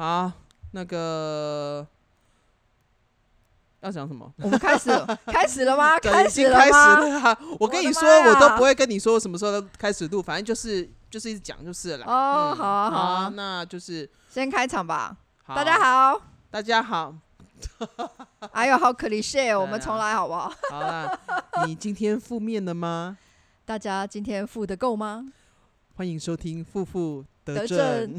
好，那個要講什麼？我們開始了 開始了嗎？開始了嗎？開始了嗎我跟你說我，我都不會跟你說什麼時候的開始錄，反正就是就是一直講就是了。哦、oh, 嗯，好啊，好啊，好那就是先開場吧好。大家好，大家好。 哎呦，好可惜、哦、 我們重來好不好？ 好啦，你今天負面了嗎？大家今天負得夠嗎？歡迎收聽《婦婦得證》。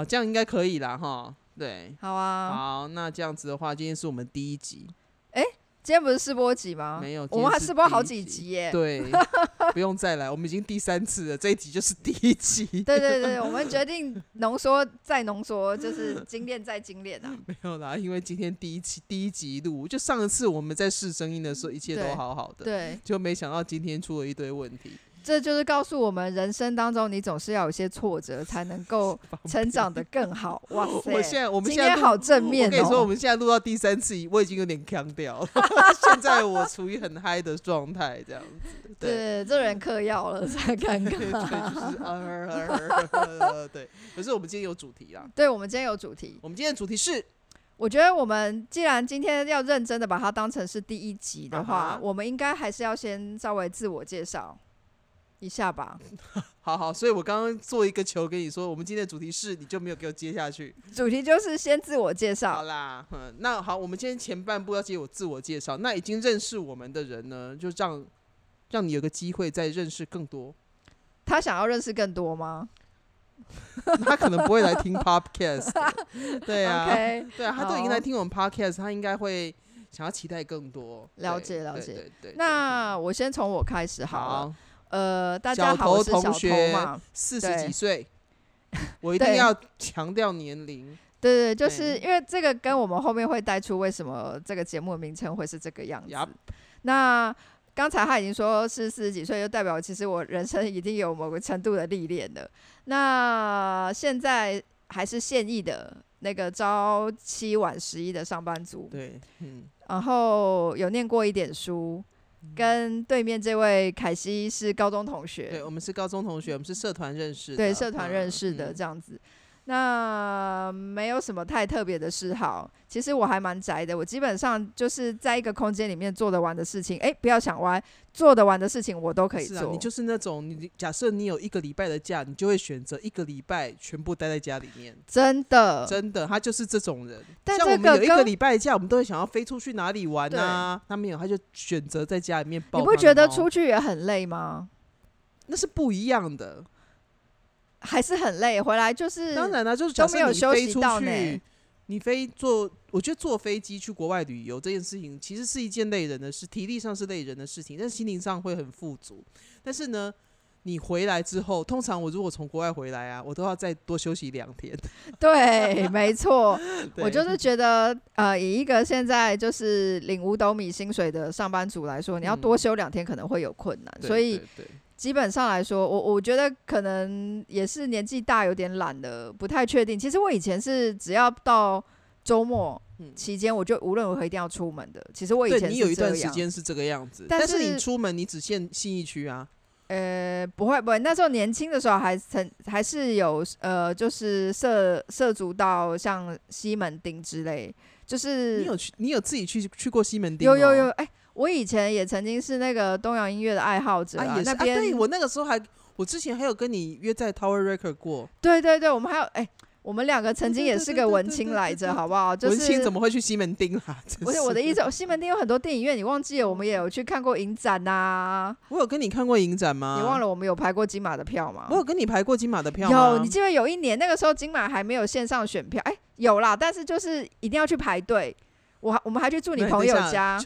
哦，這樣應該可以啦，哈，對，好啊，好，那這樣子的話，今天是我們第一集，哎、欸，今天不是試播集嗎？沒有，我們還試播好幾集耶，對， 不用再來，我們已經第三次了，這一集就是第一集， 對對對，我們決定濃縮再濃縮， 就是精煉再精煉啊，沒有啦，因為今天第一集第一集錄，就上一次我們在試聲音的時候，一切都好好的，對，對，就沒想到今天出了一堆問題。這就是告訴我們，人生當中你總是要有些挫折，才能夠成長得更好。哇塞！我現在，我們現在好正面哦。我跟你說，我們現在錄到第三次，我已經有點僵掉了。 現在我處於很嗨的狀態，這樣子。對，這人嗑藥了才敢 看看， 就是啊。對，可是我們今天有主題啦。對，我們今天有主題。我們今天主題是，我覺得我們既然今天要認真的把它當成是第一集的話，uh -huh. 我們應該還是要先稍微自我介紹。一下吧， 好好，所以我剛剛做一個球跟你說，我們今天的主題是，你就沒有給我接下去。主題就是先自我介紹。好啦，嗯，那好，我們今天前半部要接我自我介紹。那已經認識我們的人呢，就讓讓你有個機會再認識更多。他想要認識更多嗎？ 他可能不會來聽 Podcast。 對啊，okay, 對啊，他都已經來聽我們 Podcast，他應該會想要期待更多。了解，了解。對對對對對。那我先從我開始好，好。呃，大家好，小同學是小偷嘛？四十幾歲，我一定要強調年齡。 對，對對，就是因為這個跟我們後面會帶出為什麼這個節目的名稱會是這個樣子。嗯、那剛才他已經說是四十幾歲，就代表其實我人生已經有某個程度的歷練了。那現在還是現役的那個朝七晚十一的上班族，對，嗯，然後有念過一點書。跟對面這位凱西是高中同學，對，我們是高中同學，我們是社團認識的，對，社團認識的、嗯、這樣子。那沒有什麼太特別的嗜好，其實我還蠻宅的。我基本上就是在一個空間裡面做得完的事情，誒、欸，不要想歪，做得完的事情我都可以做。是啊，你就是那種，你假設你有一個禮拜的假，你就會選擇一個禮拜全部待在家裡面。真的，真的，他就是這種人。像我們有一個禮拜的假，我們都會想要飛出去哪裡玩啊，他沒有，他就選擇在家裡面抱。你不覺得出去也很累嗎？那是不一樣的。還是很累，回來就是當然了，啊，就是都沒有休息到呢。你飛坐，我覺得坐飛機去國外旅遊這件事情，其實是一件累人的事，體力上是累人的事情，但是心靈上會很富足。但是呢，你回來之後，通常我如果從國外回來啊，我都要再多休息兩天。對， 沒錯， 我就是覺得，呃，以一個現在就是領五斗米薪水的上班族來說，你要多休兩天可能會有困難，嗯、所以。對對對基本上來說，我我覺得可能也是年紀大，有點懶了，不太確定。其實我以前是只要到周末期間，我就無論如何一定要出門的。其實我以前是這樣的，對，你有一段時間是這個樣子但，但是你出門你只限信義區啊？呃，不會不會，那時候年輕的時候還曾還是有呃，就是涉涉足到像西門町之類，就是你有去，你有自己去去過西門町嗎？有有有，哎、欸。我以前也曾經是那個東洋音樂的愛好者啊，啊也那邊、啊、我那個時候還，我之前還有跟你約在 Tower Record 過，對對對，我們還有，哎、欸，我們兩個曾經也是個文青來着，好不好、就是？文青怎麼會去西門町啦、啊？不、就是我，我的意思，西門町有很多電影院，你忘記了？我們也有去看過影展吶、啊。我有跟你看過影展嗎？你忘了我們有排過金馬的票嗎？我有跟你排過金馬的票嗎？有，你記得有一年那個時候金馬還沒有線上選票，哎、欸，有啦，但是就是一定要去排隊。我我們還去住你朋友家。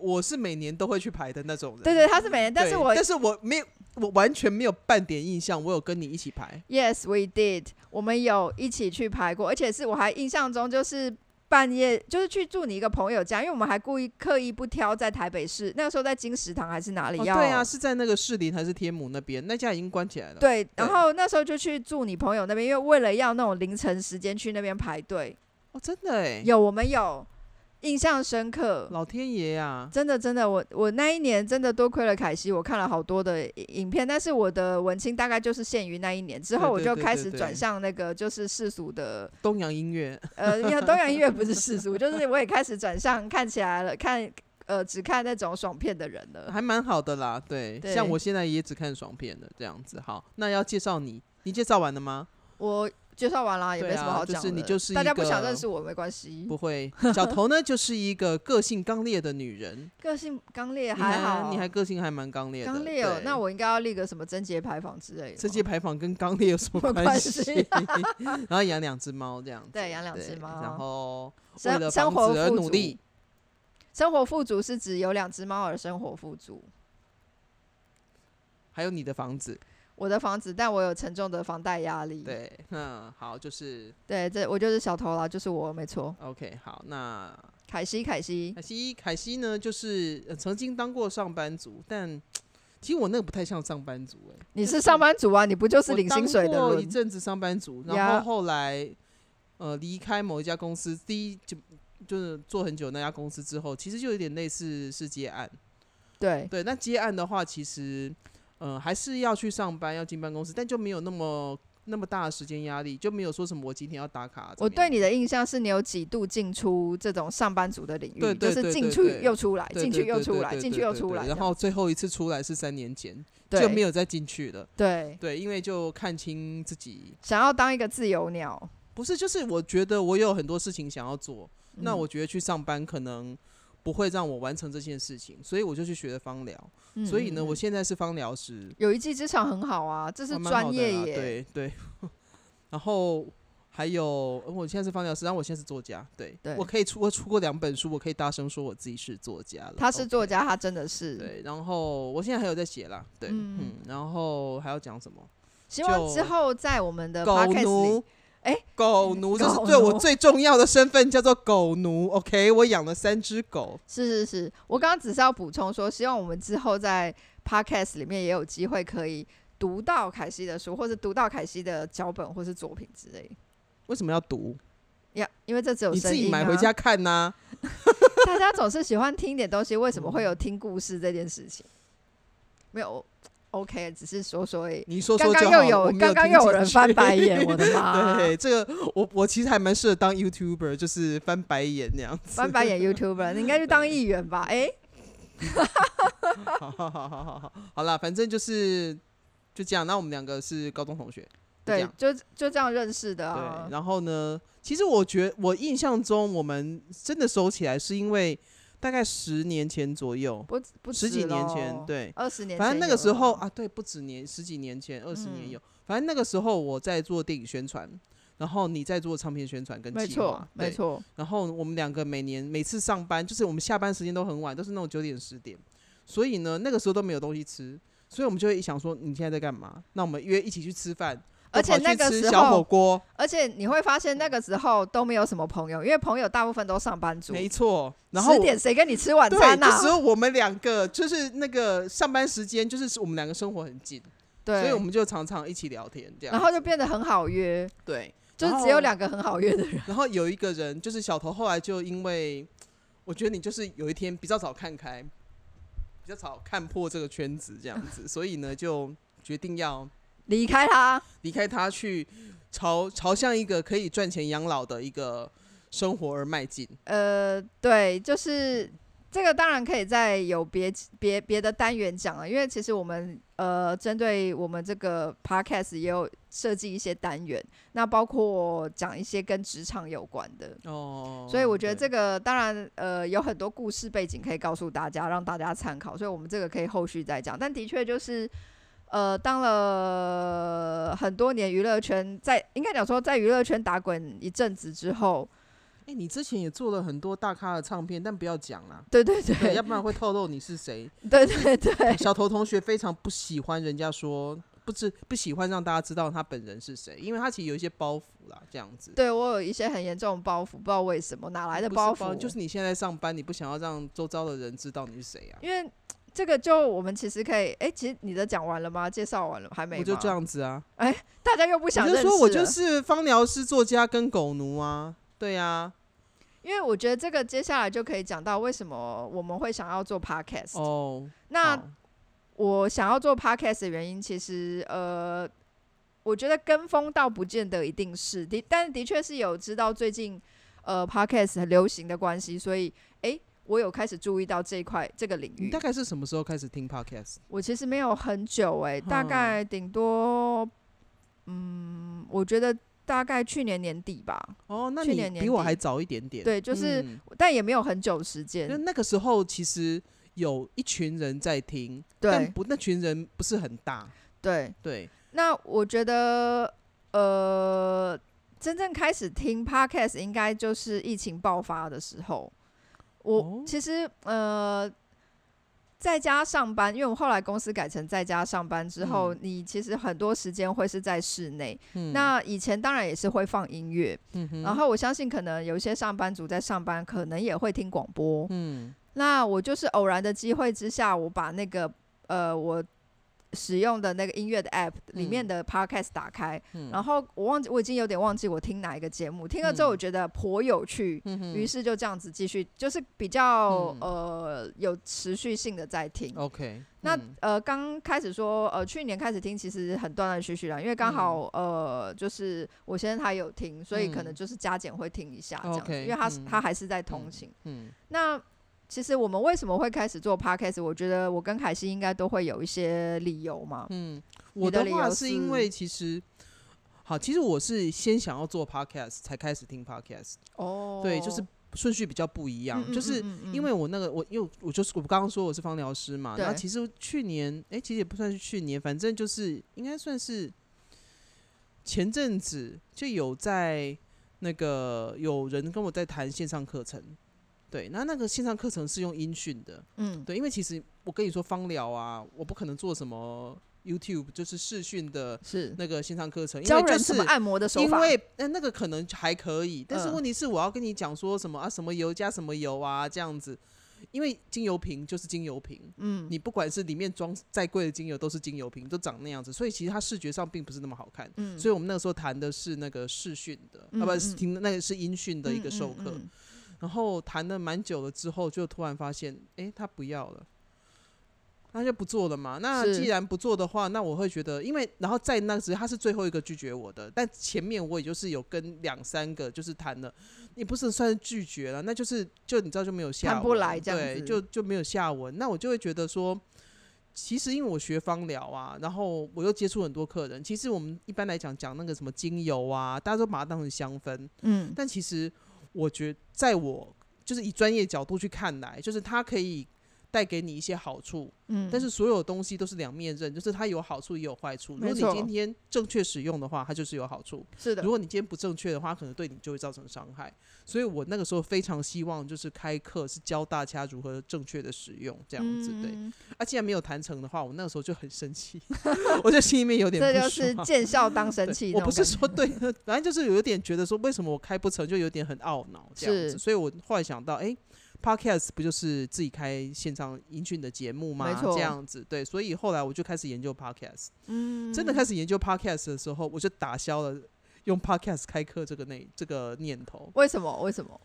我是每年都會去排的那種人。對對，他是每年，但是我但是我沒有，我完全沒有半點印象。我有跟你一起排。Yes, we did。我們有一起去排過，而且是我還印象中就是半夜，就是去住你一個朋友家，因為我們還故意刻意不挑在台北市。那個時候在金石堂還是哪裡要？要、哦、對啊，是在那個士林還是天母那邊？那家已經關起來了，對。對，然後那時候就去住你朋友那邊，因為為了要那種凌晨時間去那邊排隊。哦，真的哎，有我們有。印象深刻，老天爺呀、啊！真的真的，我我那一年真的多虧了凱西，我看了好多的影片，但是我的文青大概就是限於那一年之後，我就開始轉向那個就是世俗的東洋音樂。呃，東洋音樂、嗯、不是世俗， 就是我也開始轉向看起來了，看呃只看那種爽片的人了，還蠻好的啦對。對，像我現在也只看爽片的這樣子。好，那要介紹你，你介紹完了嗎？我。介紹完了也沒什麼好講的、啊就是你就是。大家不想認識我沒關係。不會，小頭呢 就是一個個性剛烈的女人。個性剛烈還好，你還，你還個性還蠻剛烈的。剛烈哦、喔，那我應該要立個什麼貞節牌坊之類的？貞節牌坊跟剛烈有什麼關係 關係？ 然後養兩隻貓這樣。對，養兩隻貓，然後為了房子而努力。生活富足是指有兩隻貓而生活富足。還有你的房子。我的房子，但我有沉重的房貸壓力。對，嗯，好，就是對，這我就是小偷啦，就是我，沒錯。OK，好，那凱西，凱西，凱西，凱西呢，就是、呃、曾經當過上班族，但其實我那個不太像上班族哎、欸。你是上班族啊？你不就是領薪水的人？我當過一陣子上班族，然後後來呃離開某一家公司，Yeah. 第一就就是做很久那家公司之後，其實就有點類似是，是接案。對對，那接案的話，其實。嗯、呃，還是要去上班，要進辦公室，但就沒有那麼那麼大的時間壓力，就沒有說什麼我今天要打卡。我對你的印象是你有幾度進出這種上班族的領域，對對對對對對對對，就是進去又出來，進去又出來，進去又出來。然後最後一次出來是三年前，對，就沒有再進去了。對對，因為就看清自己，想要當一個自由鳥，不是，就是我覺得我有很多事情想要做，嗯、那我覺得去上班可能，不會讓我完成這件事情，所以我就去學了芳療、嗯。所以呢，我現在是芳療師，有一技之長很好啊，這是專業耶、啊啊欸。對對。 然後還有，我現在是芳療師，但我現在是作家。對，對我可以出，我出過兩本書，我可以大聲說我自己是作家了。他是作家、okay，他真的是。對，然後我現在還有在寫啦。對，嗯，嗯然後還要講什麼？希望之後在我們的 Podcast 裡哎、欸，狗奴這、就是對我最重要的身份，叫做狗奴。狗奴 OK，我養了三隻狗。是是是，我剛剛只是要補充說，希望我們之後在 Podcast 裡面也有機會可以讀到凱西的書，或者讀到凱西的腳本或是作品之類的。為什麼要讀呀？Yeah, 因為這只有聲音，啊、你自己買回家看吶，啊。 大家總是喜歡聽一點東西，為什麼會有聽故事這件事情？沒有。OK，只是說說。而已。你說說就好。剛剛又有，剛剛又有人翻白眼， 我的媽！對，這個我我其實還蠻適合當 YouTuber，就是翻白眼那樣子。翻白眼 YouTuber， 你應該就當議員吧？哎，欸、 好,好,好,好，好，好，好，好，啦，反正就是就這樣。那我們兩個是高中同學，對，就就這樣認識的、啊。對，然後呢，其實我覺得我印象中，我們真的熟起來是因為。大概十年前左右，不，不十幾年前，對，二十年前。反正那個時候啊，對，不止年十幾年前，二十年有、嗯。反正那個時候我在做電影宣傳，然後你在做唱片宣傳，跟計劃，沒錯沒錯。然後我們兩個每年每次上班，就是我們下班時間都很晚，都、就是那種九點十點。所以呢，那個時候都沒有東西吃，所以我們就會想說，你現在在幹嘛？那我們約一起去吃飯。而且那個時候，而且你會發現那個時候都沒有什麼朋友，因為朋友大部分都上班族。沒錯，然後十點誰跟你吃晚餐呢？那時候我們兩個 就是那個上班時間，就是我們兩個生活很近，對，所以我們就常常一起聊天這樣。然後就變得很好約，對，就是、只有兩個很好約的人。然後，然後有一個人就是小偷，後來就因為我覺得你就是有一天比較早看開，比較早看破這個圈子這樣子， 所以呢就決定要。離開他，離開他，去朝朝向一個可以賺錢養老的一個生活而邁進。呃，對，就是這個當然可以再有別別別的單元講了，因為其實我們呃針對我們這個 podcast 也有設計一些單元，那包括講一些跟職場有關的。哦。所以我覺得這個當然呃有很多故事背景可以告訴大家，讓大家參考，所以我們這個可以後續再講，但的確就是。呃，當了很多年娛樂圈在，在應該講說在娛樂圈打滾一陣子之後，哎、欸，你之前也做了很多大咖的唱片，但不要講啦。對對對，對，要不然會透露你是誰， 對，對對對。小頭同學非常不喜歡人家說，不知不喜歡讓大家知道他本人是誰，因為他其實有一些包袱啦，這樣子。對我有一些很嚴重的包袱，不知道為什麼，哪來的包袱？不是包袱就是你現在，在上班，你不想要讓周遭的人知道你是誰呀、啊？因為。這個就我們其實可以，哎、欸，其實你的講完了嗎？介紹完了還沒嗎？我就這樣子啊，哎、欸，大家又不想認識。你說我就是芳療師、作家跟狗奴啊，對呀、啊。因為我覺得這個接下來就可以講到為什麼我們會想要做 podcast 哦、oh。那，oh. 我想要做 podcast 的原因，其實呃，我覺得跟風倒不見得一定是的，但是的確是有知道最近呃 podcast 很流行的關係，所以。我有開始注意到這一塊，這個領域。你大概是什麼時候開始聽 Podcast？我其實沒有很久誒、欸，大概頂多嗯，嗯，我覺得大概去年年底吧。哦，那你去年年底比我還早一點點。對，就是，嗯、但也沒有很久的時間。那那個時候其實有一群人在聽，但不，那群人不是很大。對對。那我覺得，呃，真正開始聽 Podcast 應該就是疫情爆發的時候。我其實呃，在家上班，因為我後來公司改成在家上班之後，嗯，你其實很多時間會是在室內，嗯。那以前當然也是會放音樂，嗯哼。然後我相信，可能有一些上班族在上班，可能也會聽廣播，嗯。那我就是偶然的機會之下，我把那個呃，我。使用的那個音樂的 App 裡面的 Podcast、嗯、打開、嗯，然後我忘記我已經有點忘記我聽哪一個節目，聽了之後我覺得頗有趣，於、嗯嗯嗯、是就這樣子繼續，就是比較、嗯、呃有持續性的在聽。OK，、嗯、那、嗯、呃剛開始說呃去年開始聽，其實很斷斷續續的，因為剛好、嗯、呃就是我現在還有聽，所以可能就是加減會聽一下這樣、嗯、因為他、嗯、他還是在通勤嗯，嗯，嗯，那。其實我們為什麼會開始做 podcast？我覺得我跟凱西應該都會有一些理由嘛。嗯，我的話是因為其實，好，其實我是先想要做 podcast 才開始聽 podcast。哦，對，就是順序比較不一樣，嗯嗯嗯嗯嗯。就是因為我那個，我又我就是我剛剛說我是芳療師嘛，對。那其實去年，哎、欸，其實也不算是去年，反正就是應該算是前陣子就有在那個有人跟我在談線上課程。對，那那個線上課程是用音訊的，嗯，對，因為其實我跟你說，芳療啊，我不可能做什麼 YouTube 就是視訊的，那個線上課程，是因為、就是、教人什麼按摩的手法，因為那、欸、那個可能還可以，但是問題是我要跟你講說什麼啊，什麼油加什麼油啊這樣子，因為精油瓶就是精油瓶，嗯，你不管是裡面裝再貴的精油，都是精油瓶，都長那樣子，所以其實它視覺上並不是那麼好看，嗯、所以我們那個時候談的是那個視訊的、嗯，啊不是，聽、嗯、那個是音訊的一個授課。嗯嗯嗯嗯然後談了蠻久了之後，就突然發現，哎、欸，他不要了，那就不做了嘛。那既然不做的話，那我會覺得，因為然後在那時他是最後一個拒絕我的，但前面我也就是有跟兩三個就是談了，也不是算是拒絕了，那就是就你知道就沒有下文，談不來這樣子對，就就沒有下文。那我就會覺得說，其實因為我學芳療啊，然後我又接觸很多客人，其實我們一般來講講那個什麼精油啊，大家都把它當成香氛，嗯，但其實。我覺，在我就是以專業角度去看來，就是他可以。帶給你一些好處，嗯，但是所有東西都是兩面刃，就是它有好處也有壞處。如果你今天正確使用的話，它就是有好處，是的。如果你今天不正確的話，可能對你就會造成傷害。所以我那個時候非常希望，就是開課是教大家如何正確的使用這樣子，嗯嗯對，而、啊、既然沒有談成的話，我那個時候就很生氣， 我就心裡面有點不爽， 這就是見笑當生氣。我不是說對的，反正就是有一點覺得說，為什麼我開不成，就有點很懊惱這樣子。所以我後來想到，哎、欸。Podcast 不就是自己開現場音訊的節目嗎？沒錯，這樣子，對，所以後來我就開始研究 Podcast。真的開始研究 Podcast 的時候，我就打消了用 Podcast 開課這個，那這個念頭。為什麼？為什麼？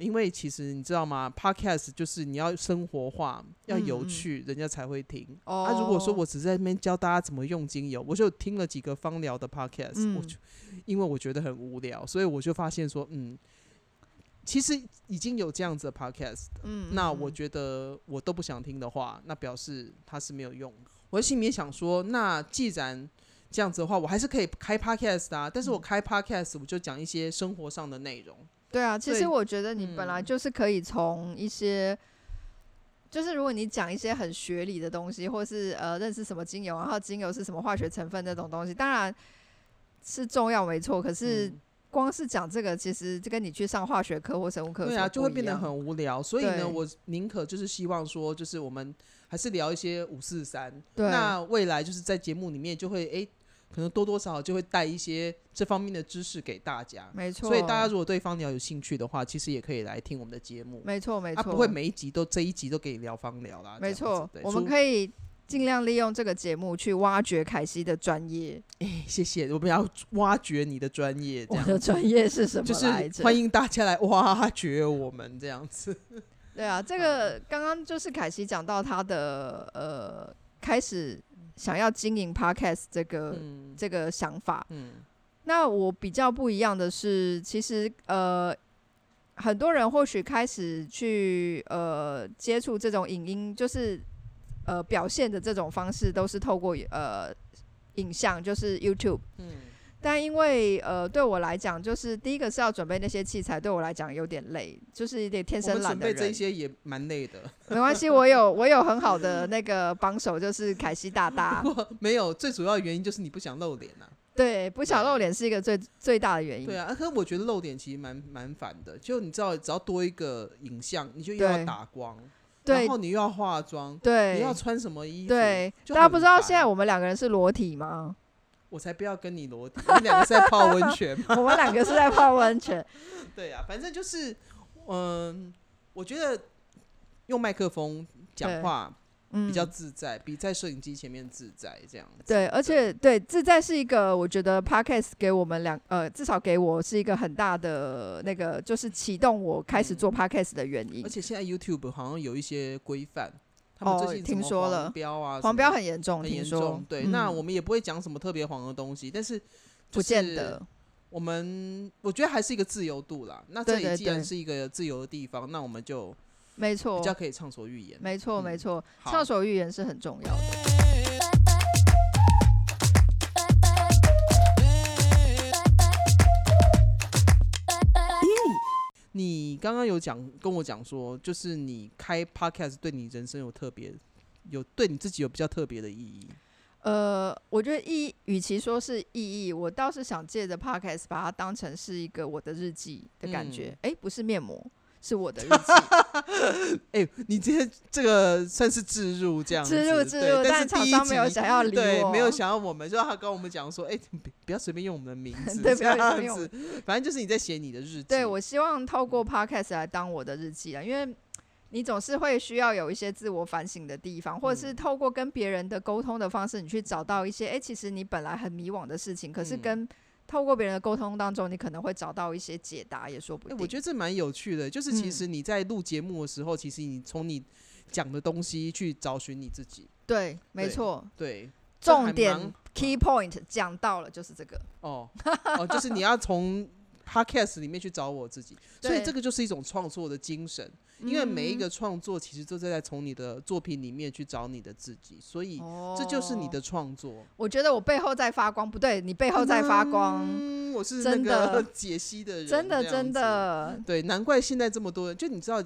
因為其實你知道嗎？Podcast 就是你要生活化，要有趣，人家才會聽。啊，如果說我只是在那邊教大家怎麼用精油，我就聽了幾個芳療的 Podcast，我就，因為我覺得很無聊，所以我就發現說，嗯。其實已經有這樣子的 podcast，、嗯、那我覺得我都不想聽的話，那表示它是沒有用的。我心裡也想說，那既然這樣子的話，我還是可以開 podcast 啊。但是我開 podcast 我就講一些生活上的內容、嗯。對啊，其實我覺得你本來就是可以從一些、嗯，就是如果你講一些很學理的東西，或是呃認識什麼精油，然後精油是什麼化學成分這種東西，當然是重要沒錯。可是、嗯光是講這個，其實就跟你去上化學課或生物課，對啊，就會變得很無聊。所以呢，我寧可就是希望說，就是我們還是聊一些五四三。對。那未來就是在節目裡面就會，誒、欸，可能多多少少就會帶一些這方面的知識給大家。沒錯。所以大家如果對芳療有興趣的話，其實也可以來聽我們的節目。沒錯沒錯。他、啊、不會每一集都這一集都給你聊芳療啦。沒錯。我們可以。盡量利用這個節目去挖掘凱西的專業。哎、欸，謝謝，我們要挖掘你的專業。你的專業是什麼？就是歡迎大家來挖掘我們這樣子。對啊，這個剛剛就是凱西講到他的呃，開始想要經營 podcast 這個、嗯、這個想法。嗯。那我比較不一樣的是，其實呃，很多人或許開始去呃接觸這種影音，就是。呃，表現的這種方式都是透過呃影像，就是 YouTube。嗯。但因為呃，對我來講，就是第一個是要準備那些器材，對我來講有點累，就是有點天生懶的人。準備這些也蠻累的。沒關係，我有我有很好的那個幫手， 就是凱西大大 沒有，最主要的原因就是你不想露臉吶、啊。對，不想露臉是一個最最大的原因。對啊，可是我覺得露臉其實蠻蠻煩的，就你知道，只要多一個影像，你就一定要打光。然後你又要化妝，對，你要穿什麼衣服？對，大家不知道現在我們兩個人是裸體嗎？我才不要跟你裸體，我們兩個是在泡溫泉。我們兩個是在泡溫泉， 泉。 對啊，反正就是，嗯、呃，我覺得用麥克風講話，比較自在，比在攝影機前面自在這樣子，嗯。對，而且對自在是一個，我覺得 Podcast 給我們兩呃，至少給我是一個很大的那個，就是啟動我開始做 Podcast 的原因。嗯、而且現在 YouTube 好像有一些規範，他們最近、啊、哦，聽說了黃標啊，黃標很嚴重，很嚴重。對，那我們也不會講什麼特別黃的東西，嗯、但是，是不見得。我們我覺得還是一個自由度啦。那這裡既然是一個自由的地方，對對對，那我們就。沒錯，大家可以暢所欲言。沒錯、嗯，沒錯，暢所欲言是很重要的。嗯、你剛剛有講跟我講說，就是你開 Podcast 對你人生有特別，有對你自己有比較特別的意義。呃，我覺得意與其說是意義，我倒是想借着 Podcast 把它當成是一個我的日記的感覺。哎、嗯欸，不是面膜。是我的日記。哎、 欸，你今天這個算是置入這樣子，置入置入，但是廠商沒有想要理我，對，沒有想要我們，就讓他跟我們講說：“哎、欸，不要隨便用我們的名字，這樣子。 ”反正就是你在寫你的日記。對，我希望透過 podcast 來當我的日記啊，因為你總是會需要有一些自我反省的地方，或者是透過跟別人的溝通的方式，你去找到一些，哎、欸，其實你本來很迷惘的事情，可是跟、嗯透過別人的溝通當中，你可能會找到一些解答，也說不定、欸。我覺得這蠻有趣的，就是其實你在錄節目的時候，嗯、其實你從你講的東西去找尋你自己。對，沒錯，對，重點 key point 講、啊、到了，就是這個。哦， 哦，就是你要從。Podcast 裡面去找我自己，所以這個就是一種創作的精神、嗯。因為每一個創作其實都在在從你的作品裡面去找你的自己，嗯、所以這就是你的創作。我覺得我背後在發光，不對，你背後在發光。嗯、我是真的解析的人，真的真的，對，難怪現在這麼多人，就你知道。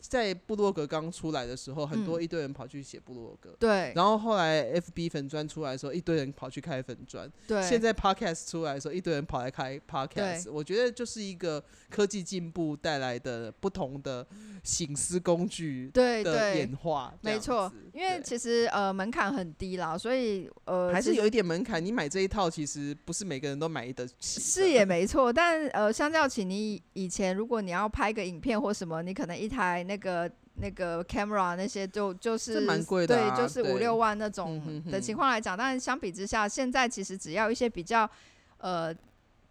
在部落格剛出來的時候、嗯，很多一堆人跑去寫部落格。對。然後後來 FB 粉專出來的時候，一堆人跑去開粉專。對。現在 Podcast 出來的時候，一堆人跑來開 Podcast。我覺得就是一個科技進步帶來的不同的省思工具的演化。對，對。沒錯。因為其實呃門檻很低啦，所以呃還是有一點門檻。你買這一套，其實不是每個人都買得起的。是也沒錯，但呃相較起你以前，如果你要拍個影片或什麼，你可能一台。那個、那個 camera 那些就就是蠻貴的、啊、對，就是五六萬那種的情況來講、嗯，但是相比之下，現在其實只要一些比較呃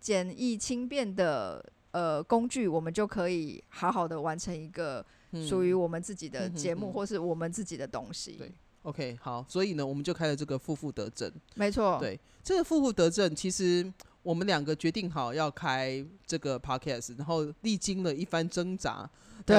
簡易輕便的呃工具，我們就可以好好的完成一個屬於我們自己的節目、嗯哼哼哼，或是我們自己的東西。對，OK，好，所以呢，我們就開了這個“婦婦得證”，沒錯，對，這個“婦婦得證”其實。我們兩個決定好要開這個 podcast，然後歷經了一番掙扎，對，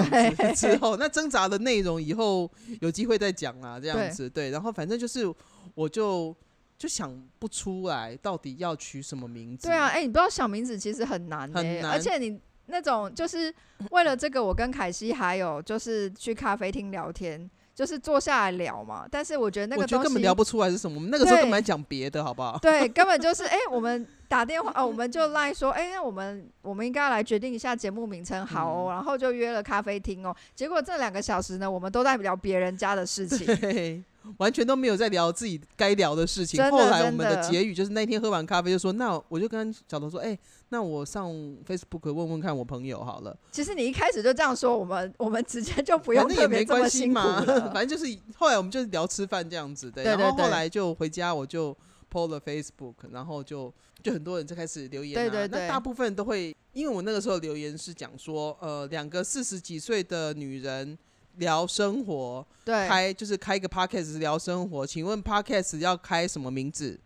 之後那掙扎的內容以後有機會再講啊，這樣子對，對。然後反正就是我就就想不出來到底要取什麼名字。對啊，哎、欸，你不知道想名字其實很難、欸、很難，而且你那種就是為了這個，我跟凱西還有就是去咖啡廳聊天，就是坐下來聊嘛。但是我覺得那個東西根本聊不出來是什麼，我們那個時候根本來講別的，好不好？對，對，根本就是哎、欸、我們。 打電話、哦、我們就賴說，哎、欸，那我們我們應該來決定一下節目名稱，好哦、嗯，然後就約了咖啡廳哦。結果這兩個小時呢，我們都在聊別人家的事情，完全都沒有在聊自己該聊的事情的。後來我們的結語的就是那天喝完咖啡就說，那我就跟小彤說，哎、欸，那我上 Facebook 問問看我朋友好了。其實你一開始就這樣說，我們我們直接就不用特別這麼辛苦了，反正就是後來我們就是聊吃飯這樣子的，對對對對。然後後來就回家，我就 po 了 Facebook，然後就。就很多人就開始留言啊，對對對，那大部分都會，因為我那個時候留言是講說，呃，兩個四十幾歲的女人聊生活，對，開就是開一個 Podcast 聊生活，請問 Podcast 要開什麼名字？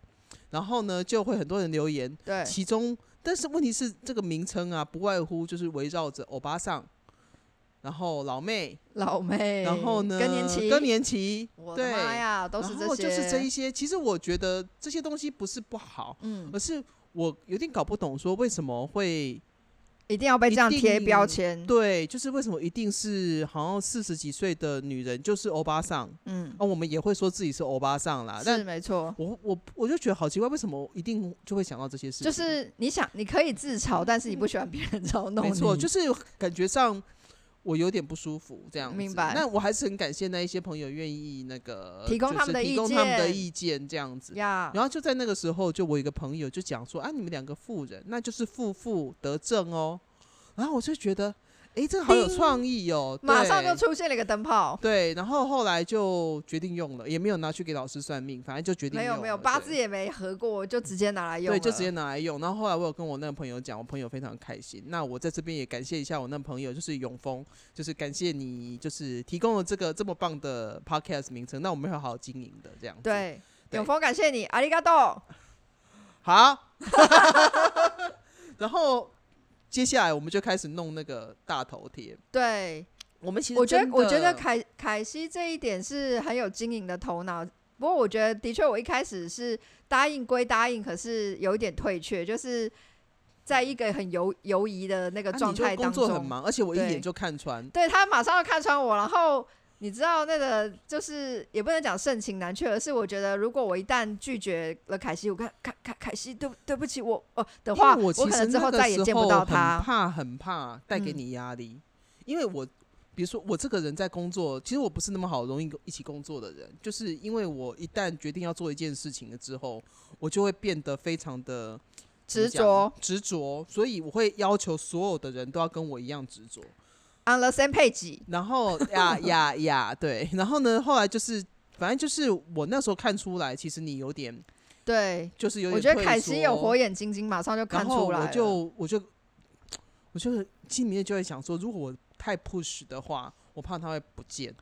然後呢，就會很多人留言，對，其中，但是問題是這個名稱啊，不外乎就是圍繞着歐巴桑。然後老妹，老妹，然後呢？更年期，更年期，我的媽呀，對，都是這些。然後就是這一些，其實我覺得這些東西不是不好，嗯，而是我有點搞不懂，說為什麼會一定，一定要被這樣貼標籤？對，就是為什麼一定是好像四十幾歲的女人就是歐巴桑？嗯，我們也會說自己是歐巴桑啦、嗯、但是沒錯，我我我就覺得好奇怪，為什麼一定就會想到這些事情？就是你想你可以自嘲，但是你不喜歡別人這樣弄、嗯。沒錯，就是感覺上。我有點不舒服，這樣子明白。那我還是很感謝那一些朋友願意那個提供他們的意見，就是、提供他們的意見這樣子。Yeah. 然後就在那個時候，就我一個朋友就講說：“啊，你們兩個婦人，那就是婦婦得證哦。”然後我就覺得。哎、欸，這個好有創意哦、喔！馬上就出現了一個燈泡。對，然後後來就決定用了，也沒有拿去給老師算命，反正就決定用了，沒有沒有，八字也沒合過，就直接拿來用，對，就直接拿來用。然後後來我有跟我那個朋友講，我朋友非常開心。那我在這邊也感謝一下我那個朋友，就是永峰，就是感謝你，就是提供了這個這麼棒的 podcast 名稱。那我們會好好經營的，這樣子。對，對永峰感謝你，阿里嘎多。好， 然後。接下來我們就開始弄那個大頭貼。對，我們其實我覺得，我覺得凱凱西這一點是很有經營的頭腦。不過我覺得，的確，我一開始是答應歸答應，可是有一點退却，就是在一個很猶豫的那個狀態當中。啊、工作很忙，而且我一眼就看穿，對，對他馬上要看穿我，然後。你知道那個就是也不能講盛情難卻，而是我覺得如果我一旦拒絕了凱西，我看凱凱凱西對對不起我哦的話，我其實那個時候很怕很怕帶給你壓力，嗯、因為我比如說我這個人在工作，其實我不是那麼好容易一起工作的人，就是因為我一旦決定要做一件事情了之後，我就會變得非常的執着執着，所以我會要求所有的人都要跟我一樣執着。On the same page。然後呀呀呀，yeah, yeah, yeah, 對。然後呢，後來就是，反正就是我那時候看出來，其實你有點，對，就是有點。我覺得凱西有火眼金睛，馬上就看出來了。然後我就我就我就心裡面就會想說，如果我太 push 的話，我怕他會不見。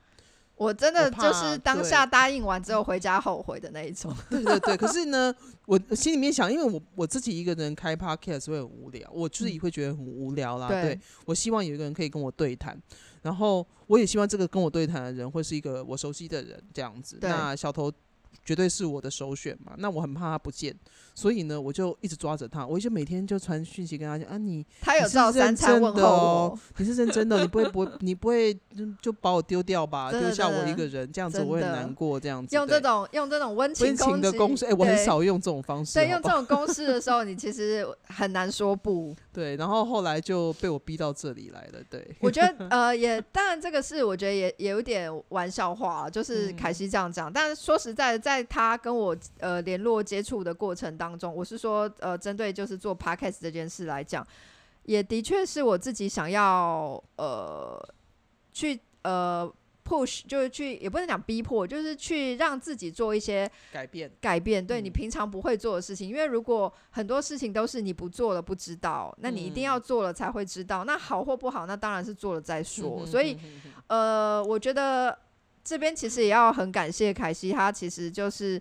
我真的就是當下答應完之後回家後悔的那一種。對， 對對對，可是呢，我心裡面想，因為我我自己一個人開 podcast 會很無聊，我自己會覺得很無聊啦。對，對我希望有一個人可以跟我對談，然後我也希望這個跟我對談的人會是一個我熟悉的人，這樣子。那小頭。絕對是我的首選嘛，那我很怕他不見，所以呢，我就一直抓着他，我就每天就傳訊息跟他講啊你，你他有照三餐問候哦，你是認真的，哦 你認真的哦，你不會不會你不會就把我丟掉吧，丟 下我一個人這樣子，我很難過這樣子。用這種用這種溫情情的公式，哎、欸，我很少用這種方式。對，好好對用這種公式的時候， 你其實很難說不。對，然後後來就被我逼到這裡來了。對， 我覺得呃，也當然這個是我覺得也也有點玩笑話，就是凱西這樣講、嗯，但是說實在。在他跟我呃聯絡接觸的過程當中，我是說呃，針對就是做 podcast 這件事來講，也的確是我自己想要呃去呃 push 就是去也不能講逼迫，就是去讓自己做一些改變改變。對、嗯、你平常不會做的事情，因為如果很多事情都是你不做了不知道，那你一定要做了才會知道。嗯、那好或不好，那當然是做了再說。嗯、哼哼哼哼。所以呃，我覺得。這邊其實也要很感謝凱西，他其實就是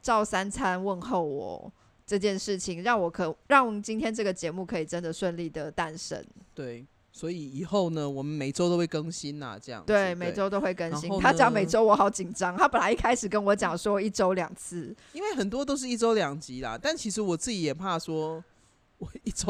照三餐問候我這件事情，讓我可讓我們今天這個節目可以真的順利的誕生。對，所以以後呢，我們每周都會更新啦，這樣子對。對，每周都會更新。他講每周我好緊張，他本來一開始跟我講說一周兩次，因為很多都是一周兩集啦。但其實我自己也怕說。我 一週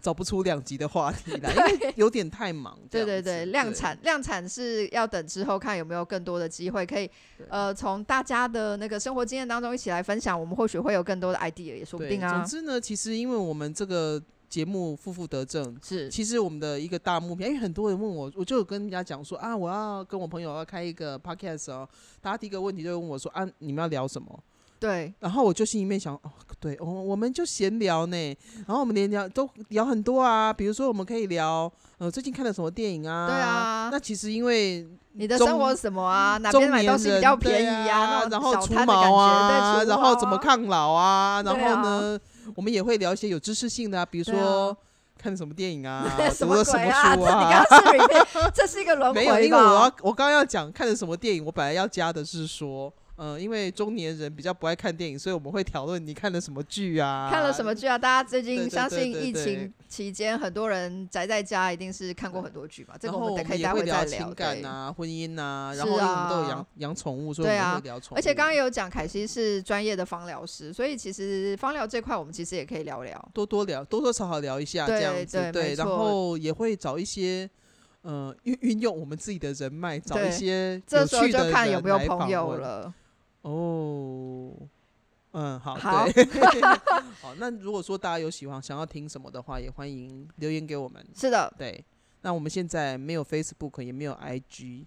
找不出兩集的話題來，因為有點太忙。對對對，量產量產是要等之後，看有沒有更多的機會，可以呃從大家的那個生活經驗當中一起來分享，我們或許會有更多的 idea，也說不定啊。總之呢，其實因為我們這個節目婦婦得證，是其實我們的一個大目標。因為很多人問我，我就有跟人家講說啊，我要跟我朋友要開一個 podcast 哦。大家第一個問題就問我說啊，你們要聊什麼？對，然後我就心裡面想，哦，對，我、哦、我們就閒聊呢，然後我們連聊聊都聊很多啊，比如說我們可以聊，呃，最近看了什麼電影啊？對啊，那其實因為你的生活什麼啊、嗯、中年人，哪邊買東西比較便宜啊，啊然後除毛，、啊、對除毛啊，然後怎麼抗老啊？啊然後呢、啊，我們也會聊一些有知識性的啊，比如說、啊、看什麼電影啊？讀了、啊、什麼書啊？ 這是一個輪迴吧？沒有，因為我要我剛剛要講看的什麼電影，我本來要加的是說。呃，因為中年人比較不愛看電影，所以我們會討論你看了什麼劇啊？看了什麼劇啊？大家最近相信疫情期間，很多人宅在家，一定是看過很多劇嘛。嗯、這個我們可以待會再聊。聊情感啊，婚姻啊，啊然後我們都有養養寵物，所以我們會聊寵物、啊。而且剛剛有講，凱西是專業的芳療師，所以其實芳療這塊，我們其實也可以聊聊，多多聊，多多少少聊一下這樣子。對，對，沒錯。然後也會找一些，呃，運運用我們自己的人脈，找一些有趣的人來訪問。對，這時候就看有沒有朋友了。哦、oh，嗯，好，好，對 好。那如果說大家有喜歡想要聽什麼的話，也歡迎留言給我們。是的，對。那我們現在沒有 Facebook，也沒有 IG，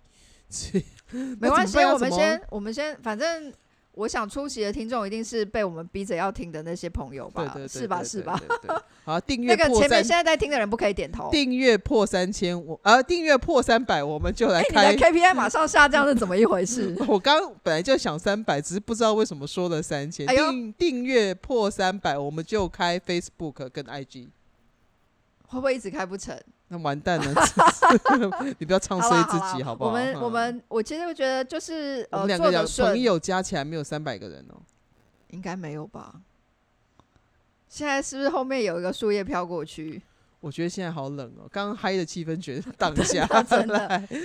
沒關係， 我們先，我們先，反正。我想初期的聽眾一定是被我們逼着要聽的那些朋友吧？對對對對，是吧？是吧？對對對對對。好、啊，訂閱 那個前面現在在聽的人不可以點頭。訂閱破三千，我、呃、啊，訂閱破三百，我們就來開 KPI。馬上下降是怎麼一回事？ 我剛本來就想三百，只是不知道為什麼說了三千。訂訂閱破三百，我們就開 Facebook 跟 IG。會不會一直開不成？那完蛋了！ 你不要唱衰自己好，好，好不好？我們、嗯、我們我其實覺得就是呃我們兩個朋友加起來沒有三百個人哦、喔，應該沒有吧？現在是不是後面有一個樹葉飄過去？我覺得現在好冷哦、喔，剛剛嗨的氣氛全擋下來。 真的真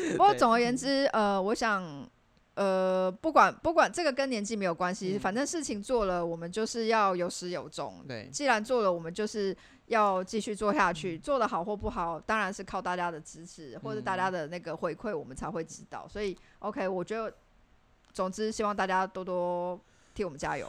的 不過總而言之，呃，我想。呃，不管不管這個跟年紀沒有關係，嗯，反正事情做了，我們就是要有始有終。對，既然做了，我們就是要繼續做下去，嗯。做得好或不好，當然是靠大家的支持，或者大家的那個回饋，我們才會知道。嗯，所以，OK，我覺得，總之希望大家多多。替我們加油！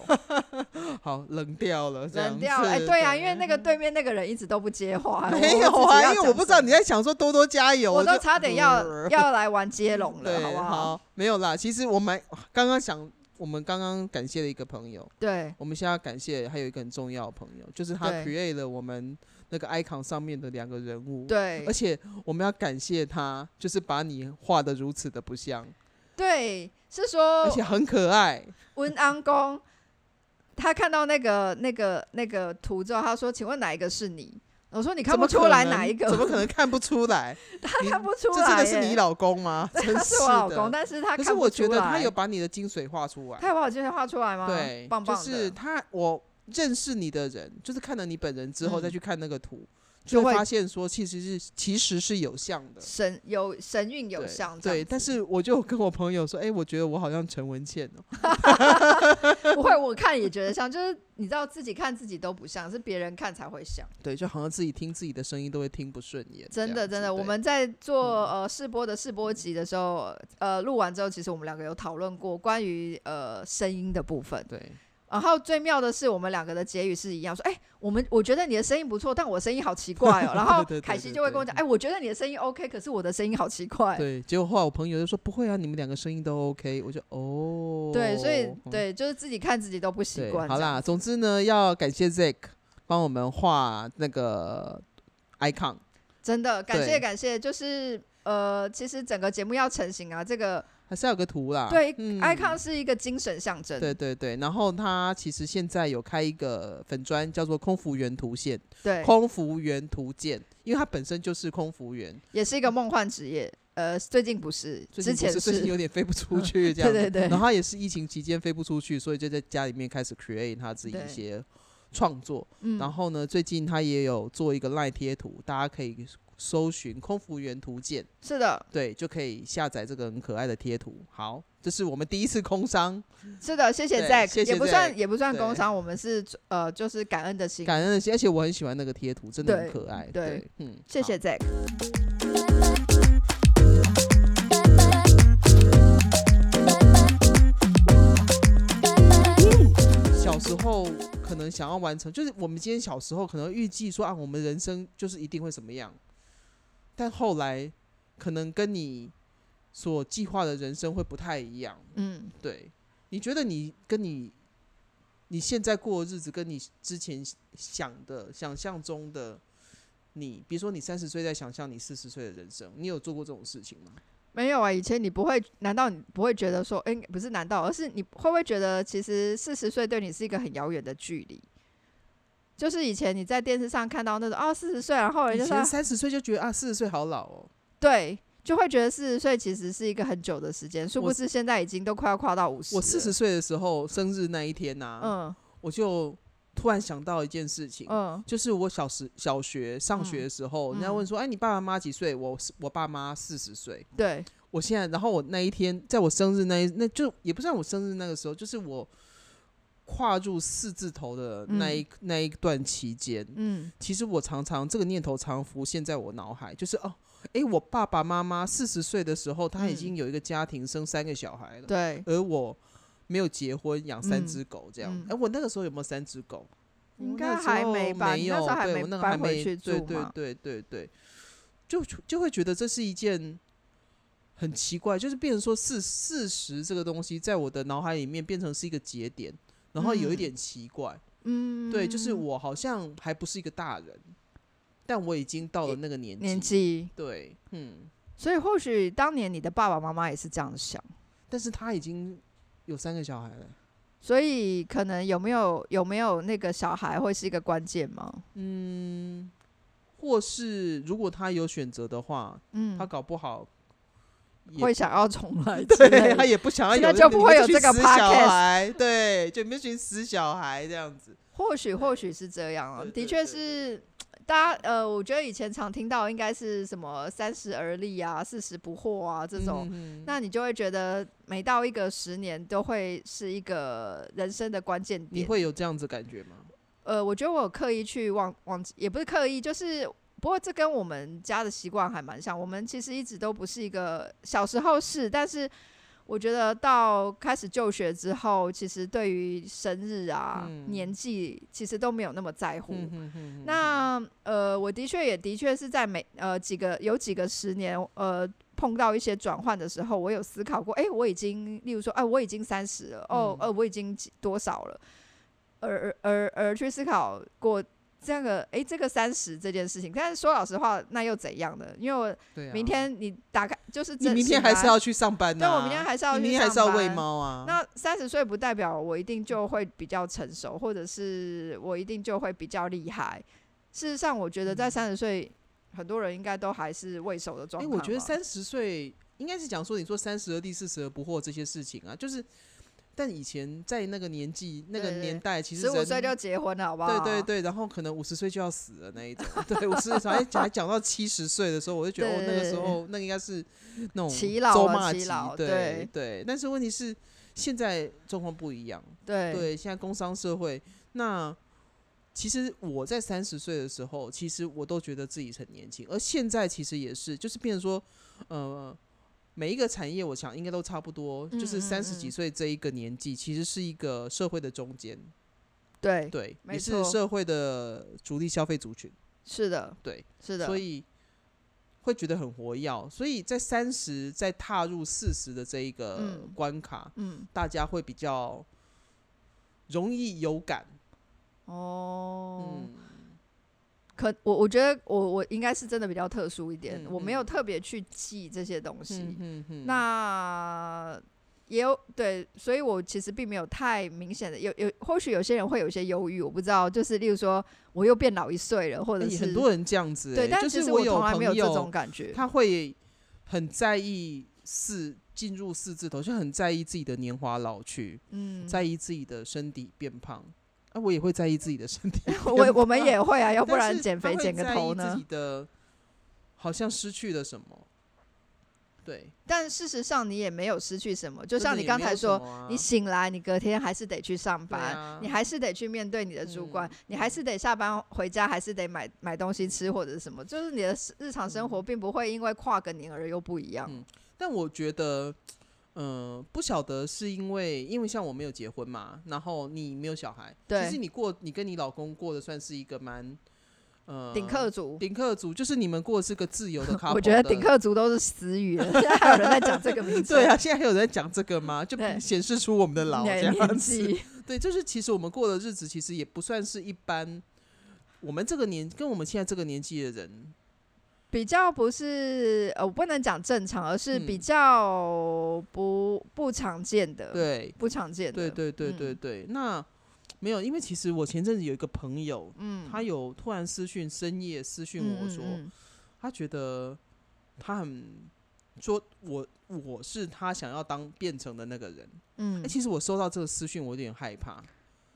好，冷掉了，冷掉了！哎、欸，對呀、啊，因為那個對面那個人一直都不接話， 沒有啊，因為我不知道你在想說多多加油，我都差點要 要來玩接龍了，好不好，好？沒有啦，其實我們剛剛想，我們剛剛感謝了一個朋友，對，我們現在要感謝還有一個很重要的朋友，就是他 create 了我們那個 icon 上面的兩個人物，對，而且我們要感謝他，就是把你畫的如此的不像。對，是說，而且很可愛。溫安公他看到那個、那個、那個圖之後，他說：“請問哪一個是你？”我說：“你看不出來哪一個？怎麼可能，怎麼可能看不出來？ 他看不出來，這真的是你老公嗎？ 他真的？他是我老公，但是他看不出來。可是我覺得他有把你的精髓畫出來， 他有把精髓畫出來嗎？對，棒棒，就是他。我認識你的人，就是看了你本人之後，再去看那個圖。嗯”就發現說，其實是其實是有像的，神有神韻，有像對，對。但是我就跟我朋友說，哎、 欸，我覺得我好像陳文茜、喔。 不會，我看也覺得像，就是你知道自己看自己都不像，是別人看才會像。對，就好像自己聽自己的聲音都會聽不順眼。真的，真的，我們在做呃試播的試播集的時候，嗯、呃，錄完之後，其實我們兩個有討論過關於呃聲音的部分。對。然後最妙的是，我們兩個的結語是一樣，說：“哎、欸，我們我覺得你的聲音不錯，但我聲音好奇怪哦。 ”然後凱西就會跟我講：“哎、欸，我覺得你的聲音 OK，可是我的聲音好奇怪。”對，結果後來我朋友就說：“不會啊，你們兩個聲音都 OK。”我就：“哦，對，所以對，就是自己看自己都不習慣。嗯”好啦，總之呢，要感謝 Zec 幫我們畫那個 icon，真的感謝感謝。就是呃，其實整個節目要成型啊，這個。還是要有個圖啦，對、嗯，icon 是一個精神象徵。對對對，然後他其實現在有開一個粉專叫做空服員圖鑑，對，空服員圖鑑，因為他本身就是空服員，也是一個夢幻職業。呃，最近不是，不是之前是最近有點飛不出去這樣子， 對對對。然後他也是疫情期間飛不出去，所以就在家裡面開始 create 他自己一些創作。嗯、然後呢，最近他也有做一個 Line 貼圖，大家可以。搜尋《空服員圖鑑》，是的，對，就可以下載這個很可愛的貼圖。好，這是我們第一次工商，是的，謝謝 Zec，也不算也不算工商，我們是呃，就是感恩的心，感恩的心，而且我很喜歡那個貼圖，真的很可愛。對，對對嗯，謝謝 Zec、嗯。小時候可能想要完成，就是我們今天小時候可能預計說啊，我們人生就是一定會什麼樣？但後來，可能跟你所計劃的人生會不太一樣。嗯，對。你覺得你跟你你現在過的日子，跟你之前想的、想象中的你，比如說你三十歲在想象你四十歲的人生，你有做過這種事情嗎？沒有啊，以前你不會。難道你不會覺得說，誒、欸，不是，難道而是你會不會覺得，其實四十歲對你是一個很遙遠的距離？就是以前你在電視上看到那種啊，四十歲，然後人家說三十歲，就覺得啊四十歲好老哦。對，就會覺得四十歲其實是一個很久的時間。殊不知現在已經都快要跨到五十。我四十歲的時候生日那一天吶、啊，嗯，我就突然想到一件事情，嗯，就是我小時小學上學的時候，人、嗯、家問說，哎、嗯啊，你爸爸媽媽幾歲？我我爸媽四十歲。對，我現在，然後我那一天在我生日那一那就也不算我生日那個時候，就是我。跨入四字頭的那一、嗯、那一段期間，嗯，其實我常常這個念頭常浮現在我腦海，就是哦，誒、欸，我爸爸媽媽四十歲的時候，他已經有一個家庭，生三個小孩了，對、嗯，而我沒有結婚，養三只狗這樣，哎、嗯欸，我那個時候有沒有三只狗？應該還沒吧？沒有，對，我那個還沒去對,對,對對對對對，就就會覺得這是一件很奇怪，就是變成說是四十這個東西，在我的腦海裡面變成是一個節點。然後有一點奇怪，嗯，嗯，對，就是我好像還不是一個大人，嗯，但我已經到了那個年紀年紀，對，嗯，所以或許當年你的爸爸媽媽也是這樣想，但是他已經有三個小孩了，所以可能有沒有有沒有那個小孩會是一個關鍵嗎？嗯，或是如果他有選擇的話，嗯，他搞不好。會想要重來，對，他也不想要，那就不會有這個小孩，對，就沒有去死小孩這樣子。或許或許是這樣啊，對對對，對的確是，大家呃，我覺得以前常聽到應該是什麼三十而立啊，四十不惑啊這種、嗯，那你就會覺得每到一個十年都會是一個人生的關鍵點。你會有這樣子的感覺嗎？呃，我覺得我刻意去忘忘，也不是刻意，就是。不過這跟我們家的習慣還蠻像。我們其實一直都不是一個小時候是，但是我覺得到開始就學之後，其實對於生日啊、嗯、年紀，其實都沒有那麼在乎。嗯嗯嗯、那呃，我的確也的確是在每呃幾個有幾個十年呃碰到一些轉換的時候，我有思考過，哎，我已經，例如說，哎、啊，我已經三十了，哦，呃、啊，我已經幾多少了，而而而，而去思考過。這樣的誒，這個三十，這件事情，但是說老實話，那又怎樣呢？因為我明天你打開、啊、就是你明天還是要去上班、啊，對，我明天還是要去上班，明天還是要餵貓啊。那三十歲不代表我一定就會比較成熟、嗯，或者是我一定就會比較厲害。事實上，我覺得在三十歲、嗯，很多人應該都還是未熟的狀況。我覺得三十歲應該是講說，你說三十而立，四十而不惑這些事情啊，就是。但以前在那個年紀、那個年代，其實十五歲就結婚了，好不好？對對對，然後可能五十歲就要死了 那一種。對，五十歲，哎， 還講到七十歲的時候，我就覺得對對對對哦，那個時候那個、應該是那種。七老對對，對，但是問題是，現在狀況不一樣。對，對，現在工商社會，那其實我在三十歲的時候，其實我都覺得自己很年輕，而現在其實也是，就是變成說，呃。每一個產業，我想應該都差不多，就是三十幾歲這一個年紀，嗯嗯嗯，其實是一個社會的中間，對對，也是社會的主力消費族群。是的，對，是的，所以會覺得很活躍。所以在三十再踏入四十的這一個關卡，嗯，大家會比較容易有感。哦。嗯可我我覺得我我應該是真的比較特殊一點，嗯嗯，我沒有特別去記這些東西。嗯，嗯，嗯，那也有對，所以我其實並沒有太明顯的有有，或許有些人會有些憂鬱，我不知道。就是例如說，我又變老一歲了，或者是很多人這樣子、欸。對，但、就是其實我從來沒有這種感覺。他會很在意四進入四字頭，就很在意自己的年華老去，嗯，在意自己的身體變胖。那、啊、我也會在意自己的身體有有， 我，我我們也會啊，要不然減肥減個頭呢？好像失去了什麼，對。但事實上，你也沒有失去什麼。就像你剛才說、啊，你醒來，你隔天還是得去上班，啊、你還是得去面對你的主管、嗯，你還是得下班回家，還是得買買東西吃或者什麼。就是你的日常生活並不會因為跨個年而又不一樣。嗯嗯、但我覺得。嗯、呃，不曉得是因為，因為像我沒有結婚嘛，然後你沒有小孩，對，其實你過，你跟你老公過的算是一個蠻，呃，頂客族，頂客族就是你們過的是個自由的,的，我覺得頂客族都是死語了 現，現在還有人在講這個名字，對啊，現在還有人在講這個嗎？就顯示出我們的老這樣子，對，就是其實我們過的日子其實也不算是一般，我們這個年跟我們現在這個年紀的人。比較不是呃，我不能講正常，而是比較不、嗯、不、不常見的。對，不常見的。對對對對對。嗯、那沒有，因為其實我前陣子有一個朋友，嗯、他有突然私訊，深夜私訊我說嗯嗯嗯，他覺得他很說我，我我是他想要當變成的那個人。嗯，欸、其實我收到這個私訊，我有點害怕。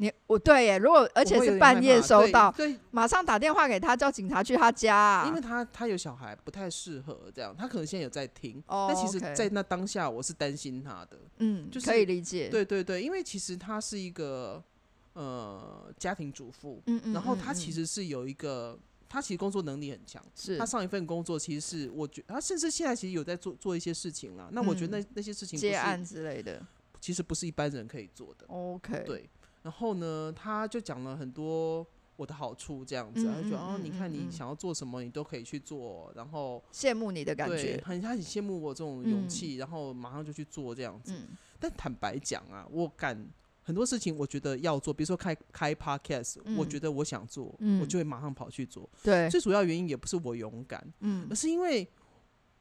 你我對耶，如果而且是半夜收到，對對，馬上打電話給他，叫警察去他家，啊。因為他他有小孩，不太適合這樣。他可能現在有在聽，oh, okay. 但其實，在那當下，我是擔心他的。嗯、就是，可以理解。對對對，因為其實他是一個呃家庭主婦，嗯，然後他其實是有一個，嗯，他其實工作能力很強。是他上一份工作，其實是我覺他甚至現在其實有在做做一些事情啦。那我覺得那，嗯、那些事情不是，接案之類的，其實不是一般人可以做的。OK，對。然後呢，他就講了很多我的好處，這樣子，嗯、他就說哦，你看你想要做什麼，你都可以去做，嗯、然後羨慕你的感覺，很他很羨慕我這種勇氣、嗯，然後馬上就去做這樣子、嗯。但坦白講啊，我敢很多事情，我覺得要做，比如說開開 Podcast，、嗯、我覺得我想做、嗯，我就會馬上跑去做。對、嗯，最主要原因也不是我勇敢，嗯，而是因為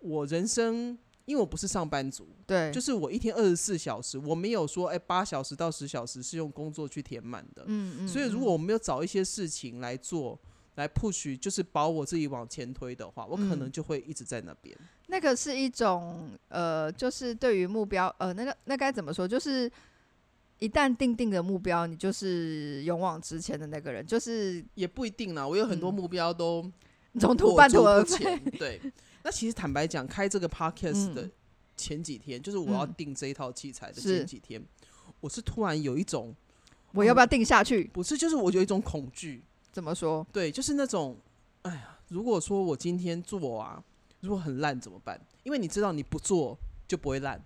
我人生。因為我不是上班族，對，就是我一天二十四小時，我沒有說誒八、欸、小時到十小時是用工作去填滿的，嗯嗯，所以如果我沒有找一些事情來做來 push，就是把我自己往前推的話、嗯，我可能就會一直在那邊。那個是一種呃，就是對於目標呃，那個那該怎麼說，就是一旦定定的目標，你就是勇往直前的那個人，就是也不一定啦。我有很多目標都、嗯、中途半途而廢，對。 他其實坦白講，開這個 Podcast 的前幾天，嗯、就是我要訂這一套器材的前幾天、嗯，我是突然有一種，我要不要定下去？嗯、不是，就是我有一種恐懼。怎麼說？對，就是那種，哎呀，如果說我今天做啊，如果很爛怎麼辦？因為你知道，你不做就不會爛，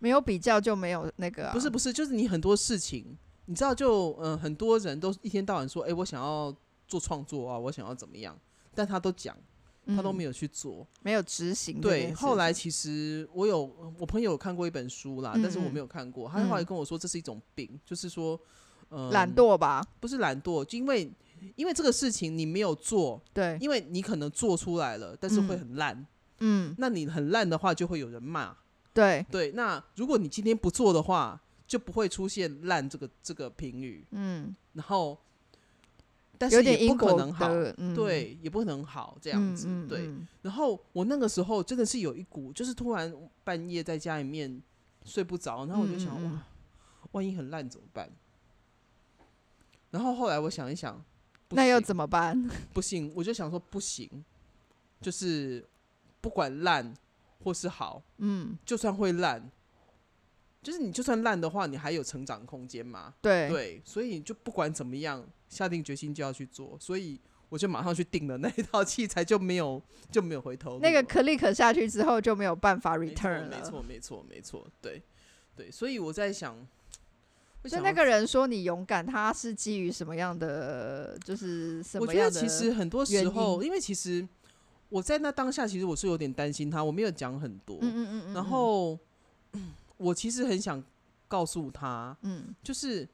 沒有比較就沒有那個、啊。不是，不是，就是你很多事情，你知道就，就嗯，很多人都一天到晚說，哎、欸，我想要做創作啊，我想要怎麼樣，但他都講。嗯、他都沒有去做，嗯、沒有執行。對，後來其實我有，我朋友有看過一本書啦、嗯，但是我沒有看過。他後來跟我說，這是一種病，嗯、就是說，呃、嗯，懶惰吧，不是懶惰，就因為因為這個事情你沒有做，對，因為你可能做出來了，但是會很爛，嗯，那你很爛的話，就會有人罵、嗯，對對，對。那如果你今天不做的話，就不會出現爛這個這個評語，嗯，然後。但是也不可能好，嗯，對，也不可能好這樣子，嗯嗯，對。然後我那個時候真的是有一股，就是突然半夜在家裡面睡不着，然後我就想，嗯、哇，萬一很爛怎麼辦？然後後來我想一想，那又怎麼辦？不行，我就想說不行，就是不管爛或是好，嗯，就算會爛，就是你就算爛的話，你還有成長空間嘛，對，對，所以就不管怎麼樣。下定決心就要去做，所以我就馬上去訂了那一套器材，就沒有就沒有回頭。那個 click 下去之後就沒有辦法 return。沒錯，沒錯，沒錯，對，對，所以我在想，想所以那個人說你勇敢，他是基於什麼樣的？就是什麼樣的。我覺得其實很多時候，因為其實我在那當下，其實我是有點擔心他，我沒有講很多。嗯嗯嗯嗯嗯。然後我其實很想告訴他，嗯，就是。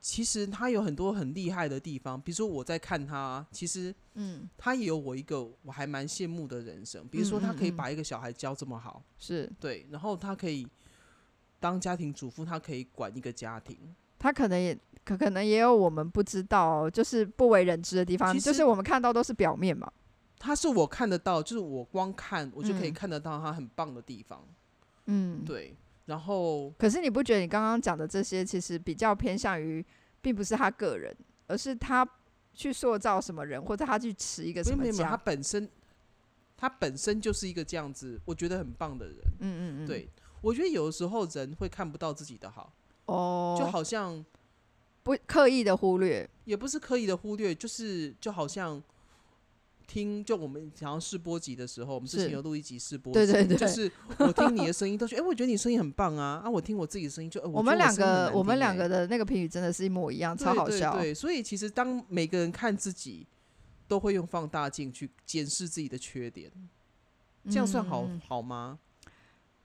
其實他有很多很厲害的地方，比如說我在看他啊，其實，嗯，他也有我一個我還蠻羨慕的人生，比如說他可以把一個小孩教這麼好，嗯嗯嗯是對，然後他可以當家庭主婦，他可以管一個家庭，他可能也可可能也有我們不知道，就是不為人知的地方，其實，就是我們看到都是表面嘛，他是我看得到，就是我光看我就可以看得到他很棒的地方，嗯，對。然後，可是你不覺得你剛剛講的這些其實比較偏向於，並不是他個人，而是他去塑造什麼人，或者他去持一個什麼家？沒沒沒，他本身，他本身就是一個這樣子，我覺得很棒的人。嗯嗯嗯，對，我覺得有的時候人會看不到自己的好，哦，就好像不刻意的忽略，也不是刻意的忽略，就是就好像。聽，就我們想要試播集的時候，我們之前有錄一集試播集，對對對，就是我聽你的聲音都是得，哎、欸，我覺得你聲音很棒啊。 啊，我聽我自己的聲音就，我們兩個我、我、欸、我們兩個的那個評語真的是一模一樣，對對對，超好笑。對，所以其實當每個人看自己，都會用放大鏡去檢視自己的缺點，這樣算好、嗯、好嗎？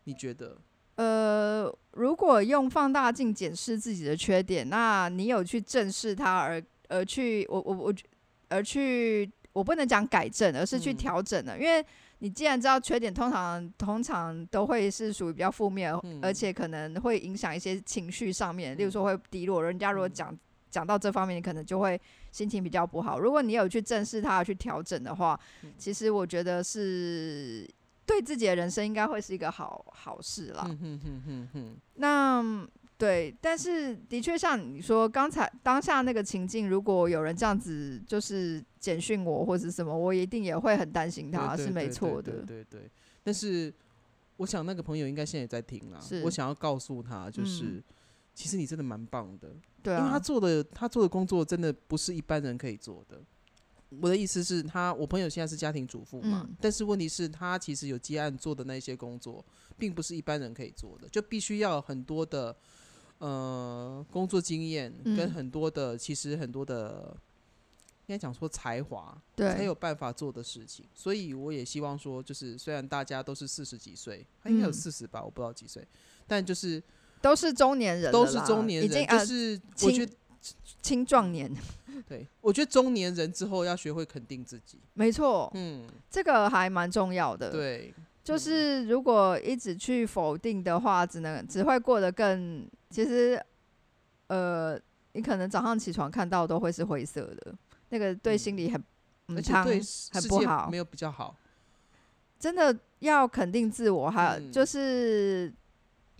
你覺得？呃，如果用放大鏡檢視自己的缺點，那你有去正視它而，而而去我我我而去。而我不能講改正，而是去調整的、嗯，因為你既然知道缺點，通常通常都會是屬於比較負面、嗯，而且可能會影響一些情緒上面、嗯，例如說會低落。人家如果講講、嗯、到這方面，你可能就會心情比較不好。如果你有去正視它，去調整的話、嗯，其實我覺得是對自己的人生應該會是一個好好事啦。嗯嗯嗯嗯嗯，那。對，但是的確像你說剛才當下那個情境，如果有人這樣子就是簡訊我或者什麼，我一定也會很擔心他，是沒錯的。對對對，對，對對對。但是我想那個朋友應該現在也在聽了，我想要告訴他，就是、嗯、其實你真的蠻棒的，對、啊、因為他做的他做的工作真的不是一般人可以做的。我的意思是他，他我朋友現在是家庭主婦嘛、嗯，但是問題是，他其實有接案做的那些工作，並不是一般人可以做的，就必須要很多的。呃，工作經驗跟很多的、嗯，其實很多的，應該講說才華，對，才有辦法做的事情。所以我也希望說，就是雖然大家都是四十幾歲，他應該有四十吧、嗯，我不知道幾歲，但就是都是中年人，都是中年人，呃、就是我覺得青壯年。對，我覺得中年人之後要學會肯定自己，沒錯，嗯，這個還蠻重要的，對。就是如果一直去否定的話，只能只會過得更其實，呃，你可能早上起床看到都會是灰色的，那個對心理很，很、嗯、而且沒有比較好，好、嗯，真的要肯定自我還有就是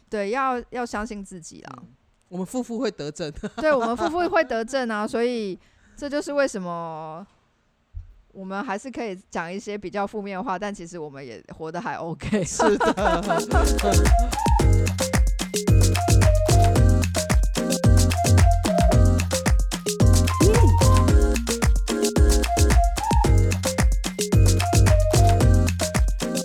對要要相信自己啦。嗯、我們婦婦會得證， 對我們婦婦會得證啊，所以這就是為什麼。我們還是可以講一些比較負面的話，但其實我們也活得還 OK。是的。 嗯。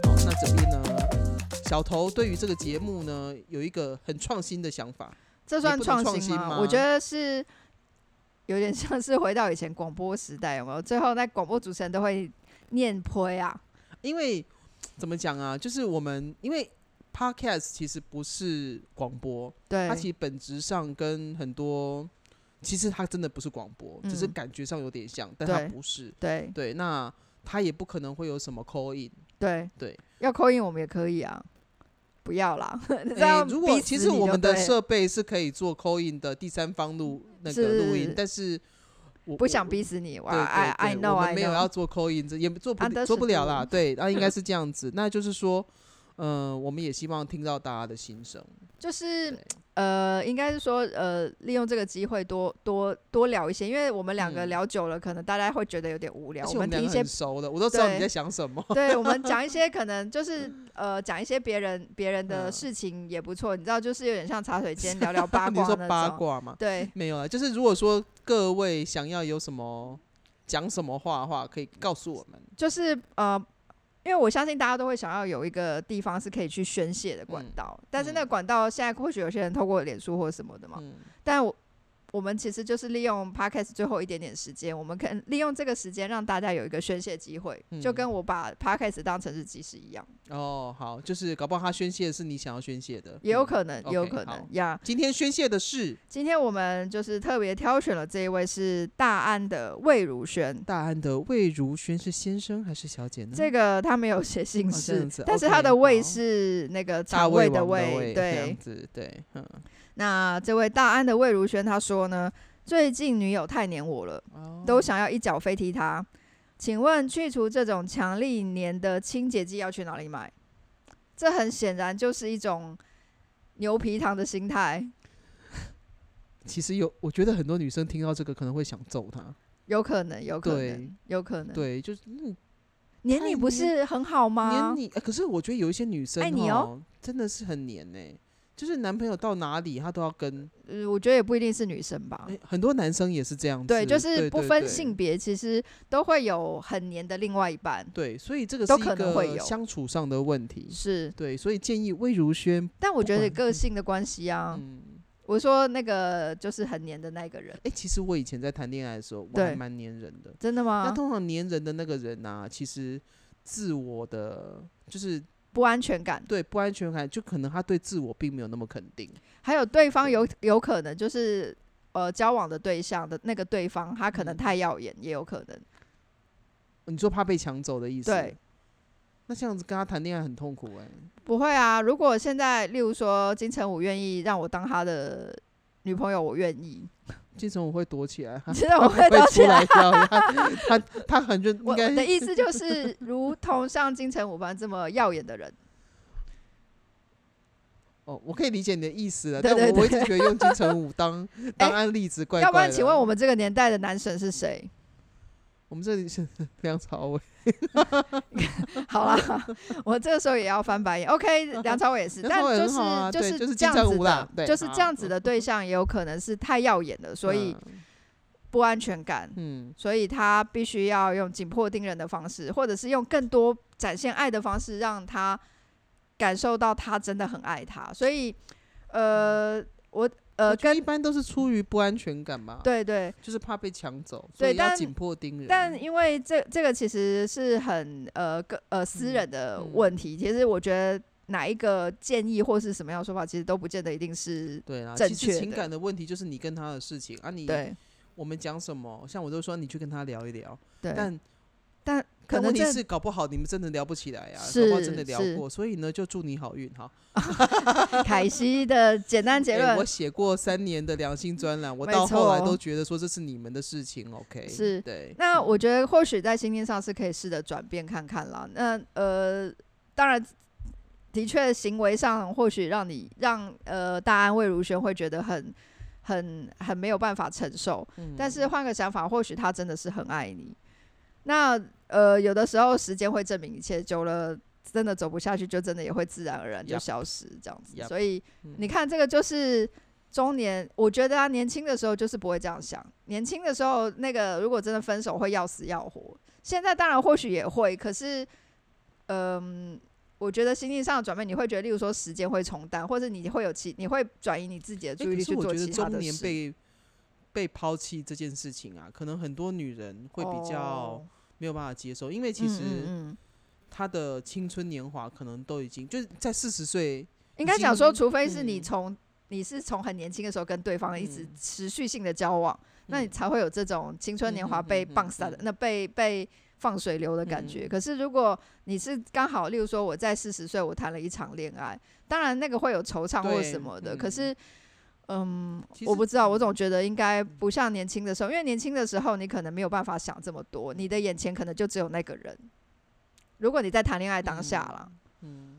好，那這邊呢，小頭對於這個節目呢，有一個很創新的想法。這算創新嗎？新嗎？我覺得是。有點像是回到以前廣播時代，有沒有？最後那廣播主持人都會念播啊。因為怎麼講啊？就是我們因為 Podcast 其實不是廣播，對，它其實本質上跟很多其實它真的不是廣播，只是感覺上有點像，嗯、但它不是。對對，那它也不可能會有什麼 call in 對。對，要 call in 我們也可以啊。不要啦， 這樣你知、欸、如果其實我們的設備是可以做 call in 的第三方錄那個錄音，但是我不想逼死你，我我對對對 I know 沒有要做 call in，也做不、And、做不了啦。對，啊，應該是這樣子， 那就是說。嗯、呃，我們也希望聽到大家的心聲。就是呃，應該是說呃，利用這個機會多多多聊一些，因為我們兩個聊久了、嗯，可能大家會覺得有點無聊。我們聊很熟的我、嗯，我都知道你在想什麼。對，我們講一些可能就是、嗯、呃，講一些別人別人的事情也不錯、嗯。你知道，就是有點像茶水間聊聊八卦那種 你說八卦嗎？對，沒有啊。就是如果說各位想要有什麼講什麼話的話，可以告訴我們。就是呃。因為我相信大家都會想要有一個地方是可以去宣洩的管道，嗯，但是那個管道現在或許有些人透過臉書或者什麼的嘛，嗯，但我。我們其實就是利用 Podcast 最後一點點時間，我們可以利用這個時間讓大家有一個宣洩機會，嗯，就跟我把 Podcast 當成是日記一樣。哦，好，就是搞不好他宣洩的是你想要宣洩的，也有可能，嗯，也有可能，呀，okay, yeah。今天宣洩的是，今天我們就是特別挑選了這一位是大安的魏如萱。大安的魏如萱是先生還是小姐呢？這個他沒有寫姓氏，哦，但是他的魏是那個曹魏的魏，大魏的魏，對，對，嗯。那這位大安的魏如萱他說呢，最近女友太黏我了，都想要一腳飛踢他。請問去除這種強力黏的清潔劑要去哪裡買？這很顯然就是一種牛皮糖的心態。其實有，我覺得很多女生聽到這個可能會想揍他。有可能，有可能，有可能。對，對就是、嗯、黏你不是很好嗎？黏你，欸、可是我覺得有一些女生愛你哦，真的是很黏呢、欸。就是男朋友到哪裡，他都要跟、呃。我覺得也不一定是女生吧、欸，很多男生也是這樣子。對，就是不分性別，其實都會有很黏的另外一半。對，所以這個都可能會有相處上的問題。是對，所以建議魏如萱。但我覺得個性的關係啊、嗯，我說那個就是很黏的那個人。哎、欸，其實我以前在談戀愛的時候，我還蠻黏人的。真的嗎？那通常黏人的那個人呢、啊，其實自我的就是。不安全感，對不安全感，就可能他對自我並沒有那麼肯定。還有對方有對有可能就是呃，交往的對象的那個對方，他可能太耀眼，嗯、也有可能。你說怕被搶走的意思？對。那這樣子跟他談戀愛很痛苦誒、欸？不會啊，如果現在例如說金城武願意讓我當他的女朋友，我願意。 金城武會躲起來，其實我會躲起來。他來， 他他，他很認。你的意思就是，如同像金城武般這麼耀眼的人。 哦，我可以理解你的意思了。對對對，但我我一直覺得用金城武當對對對 當案例子怪怪的，要不然，請問我們這個年代的男神是誰？我們這裡是梁朝偉 ，好了，我這個時候也要翻白眼。OK，梁朝偉也是，啊，但就是，對，就是這樣子的，就，就是這樣子的對象也有可能是太耀眼了，啊，所以不安全感，嗯，所以他必須要用緊迫盯人的方式，或者是用更多展現愛的方式，讓他感受到他真的很愛他。所以，呃，我。呃，一般都是出於不安全感嘛，嗯，對對，就是怕被搶走，所以要緊迫盯人但，但因為這這個其實是很呃個呃私人的問題，嗯嗯，其實我覺得哪一個建議或是什麼樣的說法，其實都不見得一定是對啊。其實情感的問題就是你跟他的事情啊，你，你我們講什麼，像我都說你去跟他聊一聊，對。但但可能你是，搞不好你們真的聊不起來啊，恐怕真的聊過，所以呢，就祝你好運哈。凱 西的簡單結論、欸，我寫過三年的良心專欄，我到後來都覺得說這是你們的事情。OK，是對。那我覺得或許在心境上是可以試着轉變看看啦。那呃，當然的確行為上或許讓你讓呃大安魏如萱會覺得很很很沒有辦法承受，嗯、但是換個想法，或許他真的是很愛你。那呃，有的時候時間會證明一切，久了真的走不下去，就真的也會自然而然就消失這樣子。Yep. Yep. 所以你看，這個就是中年。嗯、我覺得、啊、年輕的時候就是不會這樣想，年輕的時候那個如果真的分手會要死要活。現在當然或許也會，可是嗯、呃，我覺得心理上的轉變，你會覺得，例如說時間會沖淡，或者你會有其你會轉移你自己的注意力去做其他的事。欸、我覺得中年被被拋棄這件事情啊，可能很多女人會比較、哦。沒有辦法接受，因為其實他的青春年華可能都已經、嗯嗯，就是在四十歲，應該講說，除非是你從、嗯、你是從很年輕的時候跟對方一直持續性的交往，嗯、那你才會有這種青春年華被棒殺的、嗯嗯嗯嗯、那被被放水流的感覺、嗯。可是如果你是剛好，例如說我在四十歲我談了一場戀愛，當然那個會有惆悵或什麼的，嗯、可是。嗯，其實我不知道，我總覺得應該不像年輕的時候，嗯，因為年輕的時候你可能沒有辦法想這麼多，你的眼前可能就只有那個人。如果你在談戀愛當下了，嗯，嗯，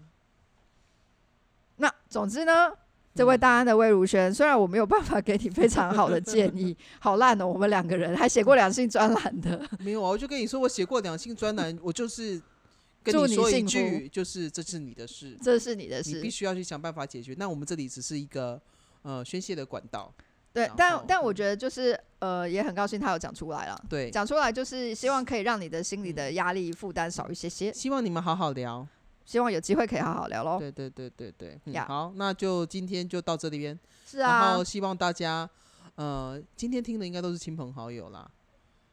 那總之呢，這位大安的魏如萱，嗯，雖然我沒有辦法給你非常好的建議， 好爛哦，喔，我們兩個人還寫過兩性專欄的，沒有啊，我就跟你說，我寫過兩性專欄， 我就是跟你說一句，就是這是你的事，這是你的事，你必須要去想辦法解決。那我們這裡只是一個。呃，宣洩的管道，對，但但我覺得就是，呃，也很高興他有講出來了，對，講出來就是希望可以讓你的心理的壓力負擔少一些些。希望你們好好聊，希望有機會可以好好聊嘍。對對對對對、嗯嗯嗯，好，那就今天就到這裡邊，是啊，然後希望大家，呃，今天聽的應該都是親朋好友啦，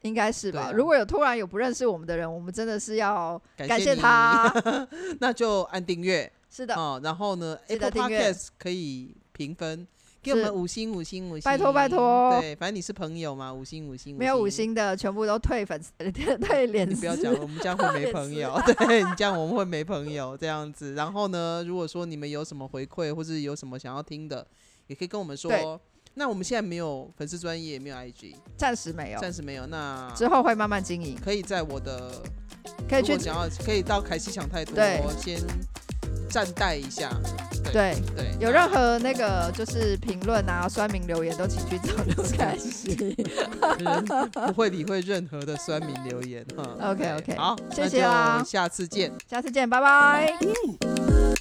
應該是吧？啊、如果有突然有不認識我們的人，我們真的是要感謝他，謝 那就按訂閱，是的，哦，然後呢訂閱，Apple Podcast 可以評分。給我們五星五星五星，拜託拜託。對，反正你是朋友嘛，五星五星五星。沒有五星的，全部都退粉絲，退粉，你不要講了，我們這樣會沒朋友。 對，你這樣，我們會沒朋友這樣子。然後呢，如果說你們有什麼回饋，或者有什麼想要聽的，也可以跟我們說。那我們現在沒有粉絲專頁，沒有 IG。暫時沒有。暫時沒有。那之後會慢慢經營。可以在我的，可以去如果想要，可以到凱西想太多先。暫待一下，對對，對，有任何那個就是評論啊、就是、論啊酸民留言都起，都請去找劉凱西，不會理會任何的酸民留言。o、okay, k OK，好，謝謝啦，我們下次見，下次見，拜拜。嗯